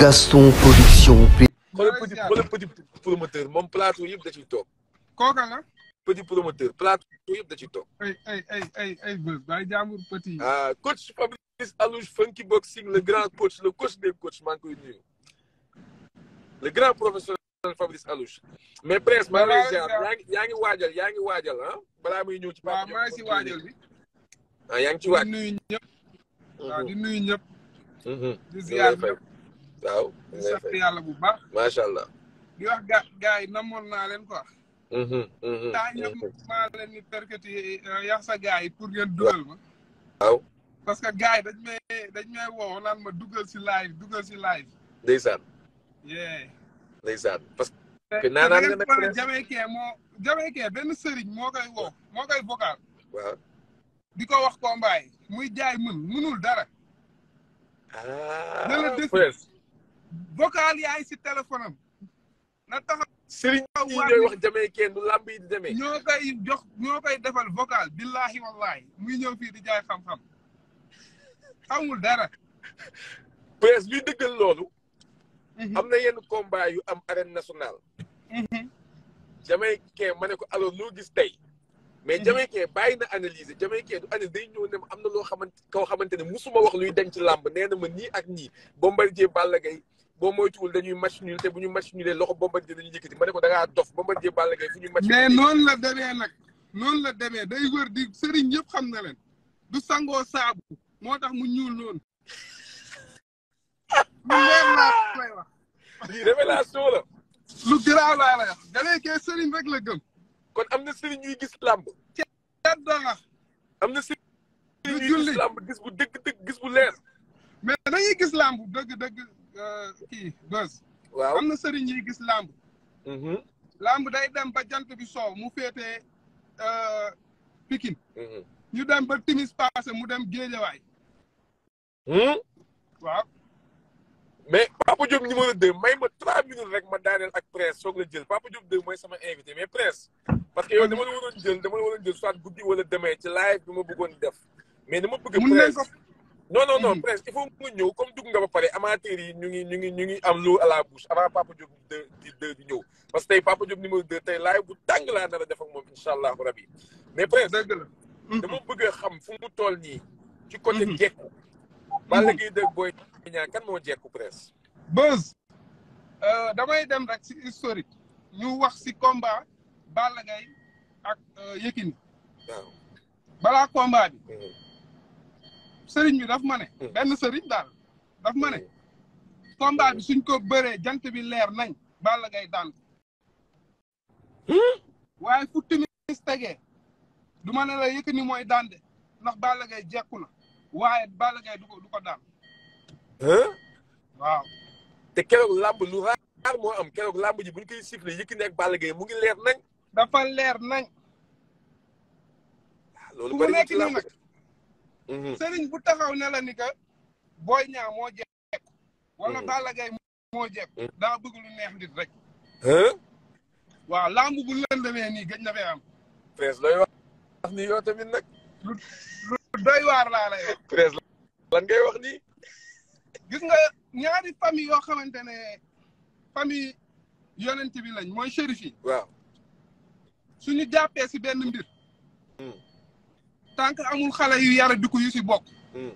Gaston production. xoolal petit petit promoteur moom plateau yëpp da ciy toog. kooka la. petit promoteur plateau yëpp da ciy toog. ay ay ay ay ay bés bàyyi jàmbur petit. ah coach Funky Boxing le grand coach le coach des coachs maa ngi koy nuyu. le grand professionnel Fabrice Alouche. mais prince maa ngi lay ziar yaa ngi waajal yaa ngi waajal ah balaa muy ñëw ci. waaw maa ngi si waajal bi. ah yaa ngi ci waaj di nuyu ñëpp. Mhm. waaw di nuyu ñëpp. Mhm. di ziar ñëpp. waaw sant yàlla bu baax macha allah di wax ga gars yi namoon naa leen quoi mm-hmm, mm-hmm, taa ñoom mm-hmm. maa leen ni percuté euh, yax sa gars yi pour ngeen dugal ma waaw parce que gars yi dañ may dañ may ma dugal si live dugal si live ndeysaan yeah ndeysaan parce que naanaan nga nag jamaïcain moo jamaïcain benn sëriñ moo koy woo moo koy vocal waaw di ko wax ko muy jaay mën mënul dara ah vocal yaa ngi si téléphone am na tax sëriñ yi ñooy wax jamee kenn du làmb yi di demee ñoo koy jox ñoo koy defal vocal billahi wallahi muy ñëw fii di jaay xam-xam xamul dara presse luy dëggal loolu mhm. am na yenn combat yu am arène nationale mhm. jamaïcain ma ne ko alors loo gis tey mais mhm. jamaïcain bàyyi na analyser jamaïcain du analyse day ñëw ne ma am na loo xamante koo xamante ne musuma wax luy dem ci làmb nee na ma nii ak nii Bombardier Balla Gaye boo moytuwul dañuy match nul te bu ñu match nul loxo Bombardier dañuy yëkkati ma ne ko da ngaa dof Bombardier Balla Gaye fu ñu match mais noonu la demee nag noonu la demee day wër di sëriñ yëpp xam na leen du sangoo saabu moo tax mu ñuul noonu lii révélation la lu garaaw laa lay wax dalee sëriñ rek la gëm kon am na sëriñ ñuy gis làmb ceeb dara am na sëriñ ñuy gis làmb gis bu dëgg dëgg gis bu leer mais dañuy gis làmb dëgg dëgg Euh, kii bës. waaw am na sëriñ yi gis làmb. Mm-hmm. làmb day dem ba jant bi soow mu féetee euh, Pikine. Mm-hmm. ñu dem ba timis passé mu dem géejawaay. Hmm? waaw. mais Papa Diop numéro 2 may ma 3 minutes rek ma daaneel ak presse soog la jël Papa Diop 2 mooy sama invité mais presse. parce que yow dama la waroon jël dama la waroon jël soit guddi wala demee ci live bi ma bëggoon def. mais dama bëgg presse non non non mhm. presque il faut mu ñëw comme dugg nga ba pare amateurs yi ñu ngi ñu ngi ñu ngi am l'eau à la bouche avant Papa Diop deux di di ñëw parce que tey Papa Diop numéro deux tey laay bu tàng laa nar a def ak moom incha allahu rabi mais presque dëgg la mhm. xam fu mu toll nii ci côté mhm. jekku Balla Gaye dëgg booy ñaa damay dem rek si historique ñu wax si combat Balla Gaye ak euh, Yékini balaa combat bi sëriñ bi daf ma ne. Hmm. benn sëriñ daal daf ma ne. Hmm. combat bi suñ ko bëree jant bi leer nañ. Balla Gaye daan. Hmm? waaye fu timis tegee du ma ne la Yékini mooy daan de ndax Balla Gaye jekku na waaye Balla Gaye du ko du ko daan. waaw. te keroog làmb lu raar moo am keroog làmb ji buñ koy siffler Yékini ak Balla Gaye mu ngi leer nañ. dafa leer nañ. Ah, loolu bëri na ci Mm-hmm. sëriñ bu taxaw ne la ni que Boy Niang moo jekk wala mm-hmm. Balla Gaye moo jekk mm-hmm. daa bëgg lu neex nit rek waaw lamb bu lëndamee nii gëj na fee am presse looy wax nii yow tamit nag lu doy waar laa lay wax presse lan wax nii gis nga ñaari famille yoo xamante ne famille yonent bi lañ mooy shérif yi suñu jàppee si benn mbir mm. tànk amul xale yu yara dukk yu si bokk. Hmm.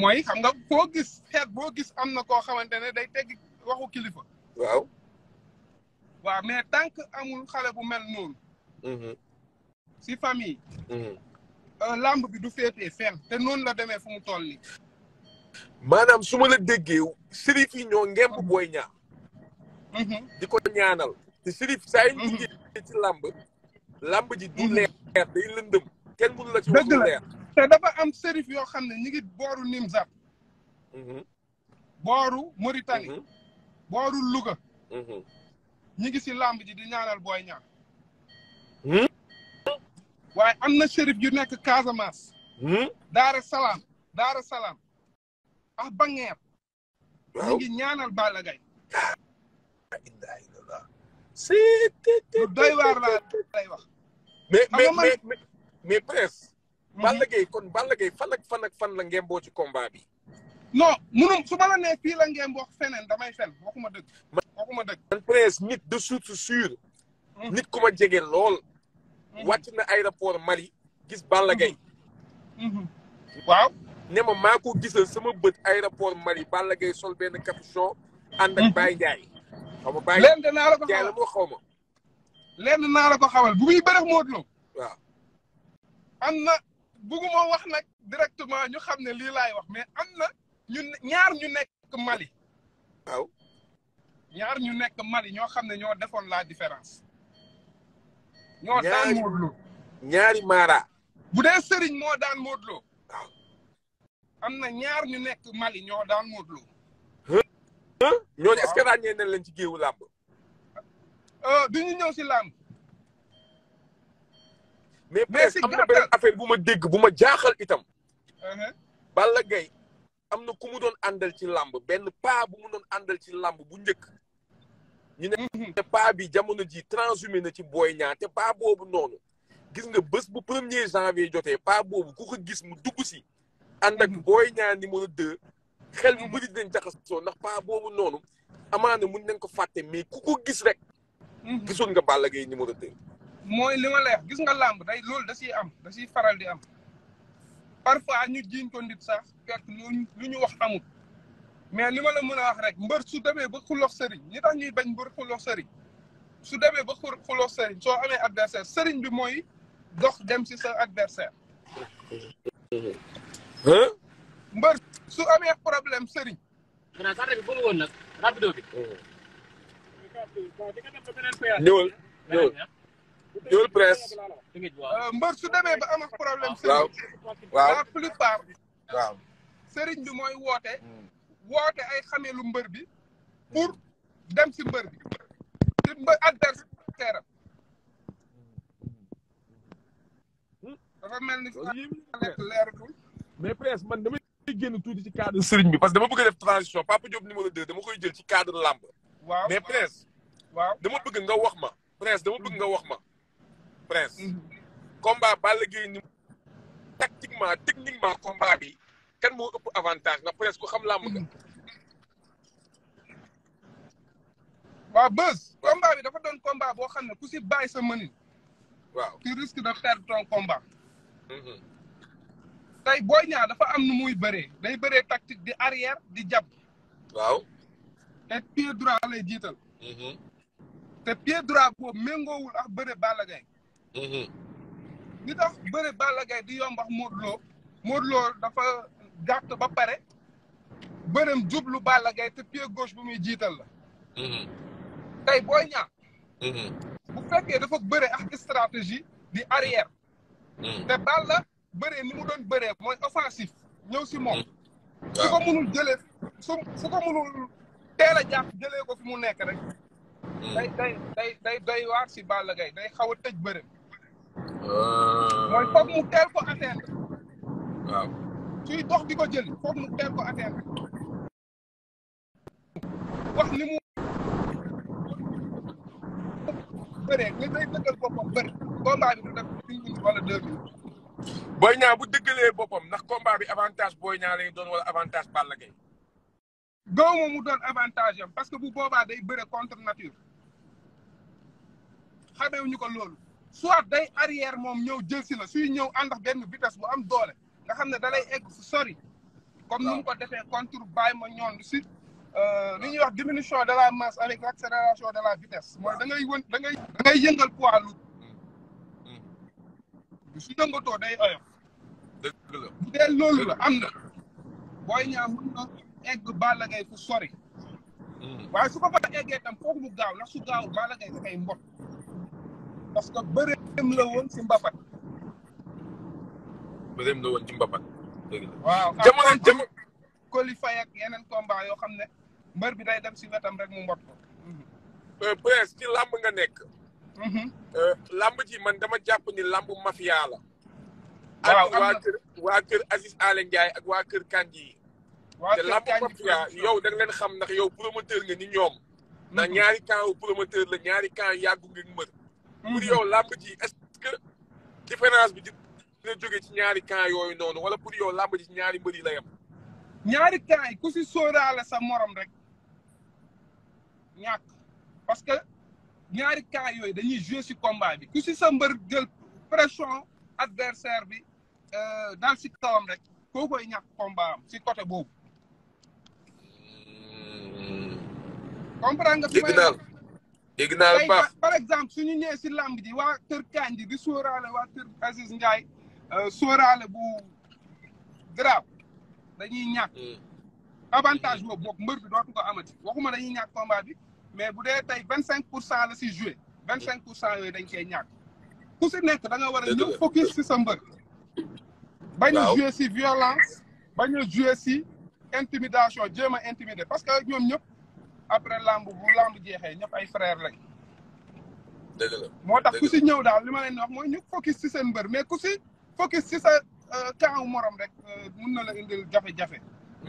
mooy xam nga boo gis xeet boo gis am na koo xamante ne day tegg waxu kilifa. waaw. waaw mais tant amul xale bu mel noonu. si hmm. famille. Hmm. Euh, lamb bi du féetee fenn te noonu la demee fu mu toll nii. maanaam su ma déggee sërif yi ñoo ngemb booy ñaar. di ko ñaanal te sërif saa yi. ci làmb lamb ji du leer day lëndëm. kenn mënu la ci wax lu leer te dafa am sërif yoo xam ne ñi ngi booru Nimzat mhm. booru Mauritanie mhm. booru Louga mhm. ñi ngi si làmb ji di ñaanal booy ñaan hmm? waaye am na sërif yu nekk Casamance hmm? Daara Salaam Daara Salaam ak Bangeer ñi ngi ñaanal Balla Gaye ilaa illallah si doy waar laa lay wax mais mais mais mais presque. Mhm. Balla Gaye kon Balla Gaye fan ak fan ak fan la ngemboo ci combat bi. non munum su ma la nee fii la ngemboo feneen damay fen waxuma dëgg. waxuma dëgg. man presque nit de source sûre. Mhm. nit ku jege lool. Mhm. wàcc na aéroport mari gis Balla Gaye. waaw. ne ma maa ko gisal sama bët aéroport Mali Balla Gaye sol benn capuchon. ànd ak Baye Ndiaye. xaw ma Baye Ndiaye la xaw ma. naa la ko xamal bu muy bëreex Modou Lo. waaw. am na bugguma wax nag directement ñu xam ne lii laay wax mais am na ñu ñaar ñu nekk Mali. waaw ñaar ñu nekk Mali ñoo xam ne ñoo defoon la différence. ñoo daan Modou Lo ñaari maara. bu dee Serigne moo daan Modou Lo. waaw am na ñaar ñu nekk Mali ñoo daan Modou Lo. ñooñu nañ leen ci géewu làmb. Euh, du ñu ñëw si làmb. mais si am na beneen affaire bu ma dégg bu ma jaaxal itam. Uh-huh. Balla Gaye am na ku mu doon àndal ci làmb benn paa bu mu doon àndal ci làmb bu njëkk. ñu ne mm-hmm. paa bi jamono ji transhumé na ci booy ñaar te paa boobu noonu. gis nga bés bu premier janvier jotee paa boobu ku ko gis mu dugg si. ànd ak mm-hmm. booy ñaar numéro deux. xel mu bëri dinañ jaxasoo ndax paa boobu noonu. amaana mun nañ ko fàtte mais ku ko gis rek. Mm-hmm. gisoon nga Balla Gaye numéro deux. mooy li ma lay gis nga làmb day loolu da ciy am da ciy faral di am parfois ñu jiiñ ko nit sax fekk lu lu ñu wax amul mais li ma la mën a wax rek mbër su demee ba xuloox sëriñ ñi tax ñuy bañ mbër xuloox sëriñ su demee ba xuloox sëriñ soo amee adversaire sëriñ bi mooy dox dem ci sa adversaire mbër su amee problème sëriñ ñëwal ñëwal Dóor presse. Euh, mbër su demee ba am ak problème. sëriñ bi mooy woote. woote ay xamee lu mbër bi. pour dem si mbër bi. si mbër adversaire dafa mel ni leeratul. mais presse man damay génn tuuti ci cadre sëriñ bi parce que dama bëgg a def transition Papa Diop numéro 2 dama koy jël ci cadre làmb. waaw mais presse. dama bëgg nga wax ma. presse dama bëgg nga wax ma. prince mhm. combat Balla Gaye ni tactiquement techniquement combat bi kan moo ëpp avantage na prince ku xam làmb nga mhm. waaw bés combat bi dafa doon combat boo xam ne ku si bàyyi sa mënin waaw tu risque de perdre ton combat mhm. tey Boy Niang dafa am nu muy bëree day bëree tactique di arrière di jàpp waaw te pied droit lay jiital te pied droit boobu méngoowul ak bëre Balla Gaye Mm-hmm. li tax bëri Balla Gaye di yombax Modou Lo Modou dafa gàtt ba pare bërëm jublu Balla Gaye te pied gauche bu muy jiital la mm-hmm. tey booy ñaar mm-hmm. bu fekkee dafa bëre ak stratégie di arrière te Balla bëree ni mu doon bëree mooy offensif ñëw si moom su ko mënul jëlee su su ko mënul teel jàpp jëlee ko fi mu nekk rek day day day day doy waar si Balla Gaye day xaw a tëj bërëm Ah. mooy foog mu teel ko atteindre. waaw suy dox di ko jël foog mu teel ko atteindre. wax ni mu. bëree li day dëggal boppam bëri combat bi du def une minute wala deux bu dëggalee boppam ndax combat bi avantage Boy Niang lay doon wala avantage Balla Gaye. gaaw mu doon avantage am parce que bu boobaa day bëre contre nature. xamee wu ko loolu. soit day arrière moom ñëw jël si la suy ñëw àndax benn vitesse bu am doole nga xam ne da lay egg fu sori. comme ni mu ko defee contre bàyyi ma ñoon si. Euh, li ñuy wax diminution de la masse avec de la vitesse. da ngay wën da ngay da ngay yëngal poids day oyof. dëgg la bu ngay loolu la am na. booy ñaa mën na egg Balla Gaye fu sori. Hmm. waaye su ko fa eggee tam foofu mu gaaw ndax su gaaw Balla Gaye da koy mbot. parce que bëreem la woon ci mbapat bëreem la ci mbapat waaw jamono jamono qualifié ak yeneen combat yoo xam ne mbër bi day dem si wetam rek mu mbot ko Prince euh, ci làmb nga nekk mhm. euh, làmb ji man dama jàpp ni làmp mafia la ak waa kër waa kër Aziz Alen Ndiaye ak waa kër Kandji yi te làmb mafia yow da nga leen xam ndax yow promoteur nga ni ñoom ndax mhm. ñaari camp promoteur la ñaari camp yàggu ngeen mbër pour yow làmb ji est-ce que différence bi dina jóge ci ñaari camp yooyu noonu wala pour yow làmb ji ci ñaari mbër yi la yem. ñaari camp yi ku si sóoraale sa morom rek ñàkk parce que ñaari camp yooyu dañuy jouer si combat bi ku si sa mbër jël pression adversaire bi euh, dal si kawam rek koo koy ñàkk combat am si côté boobu. Hmm. comprendre nga fi may dégg naa par exemple suñu ñëwee si làmb ji waa kër Kandji di sóoraale waa kër Aziz Ndiaye euh, sóoraale bu grave dañuy ñàkk hmm. avantage boobu moom mbër bi dootu ko amati waxuma dañuy ñàkk combat bi mais bu dee tey vingt cinq pour cent la si joué vingt cinq pour cent yooyu dañ koy ñàkk ku si nekk da nga war a si sa mbër bañ a joué si violence bañ a intimidation jéem a intimider parce que ñoom ñëpp après lamb bu lamb jeexee ñëpp ay frère lañ. dëgg moo tax ku si ñëw daal li ma leen wax mooy ñu focus si seen mbër mais ku si focus si sa camp euh, morom rek euh, mun na la indil jafe-jafe.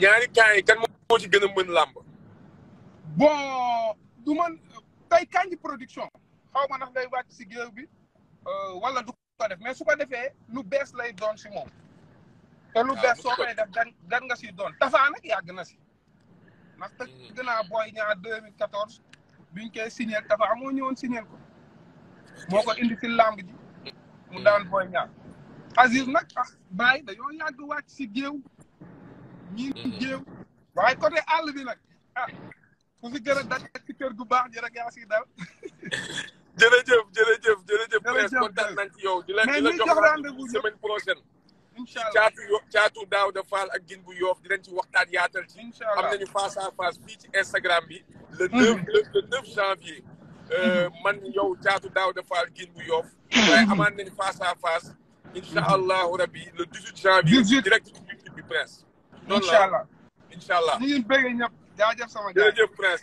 ñaari camp yi kan moo ci gën a mën làmb bon du man tey Kandji production xaw ma ndax day wàcc si géew bi euh, wala du ko def mais su ko defee lu bees lay doon si moom. te lu ah, bees soo koy def gan gan nga si doon tafaa nag yàgg na si. ndax tëgg naa Boy Niang 2014 biñ koy signé dafa amoo ñëwoon signé ko moo ko indi si làmb ji mu daan Boy Niang Aziz nag ah bàyyi dañoo yàgg wàcc si géew ñiin géew waaye côté àll bi nag a ah, ku fi gën a daj ci kër gu baax ji yaa si dal jërëjëf jërëjëf jërëjëf kontaan nañ ci yow di la di la jox rendez-vous semaine prochaine caatu yo caatu daaw da faal ak gin bu yoof dinañ ci waxtaan yaatal ci am nañu face à face fii ci Instagram bi le mhm. neuf le neuf janvier euh, mhm. man yow caatu daaw da gin bu yoof waaye amaan nañu face à face incha le dix huit janvier direct ci bi prince noonu la incha allah ñu ngi bëgg ñëpp jaajëf sama jaajëf prince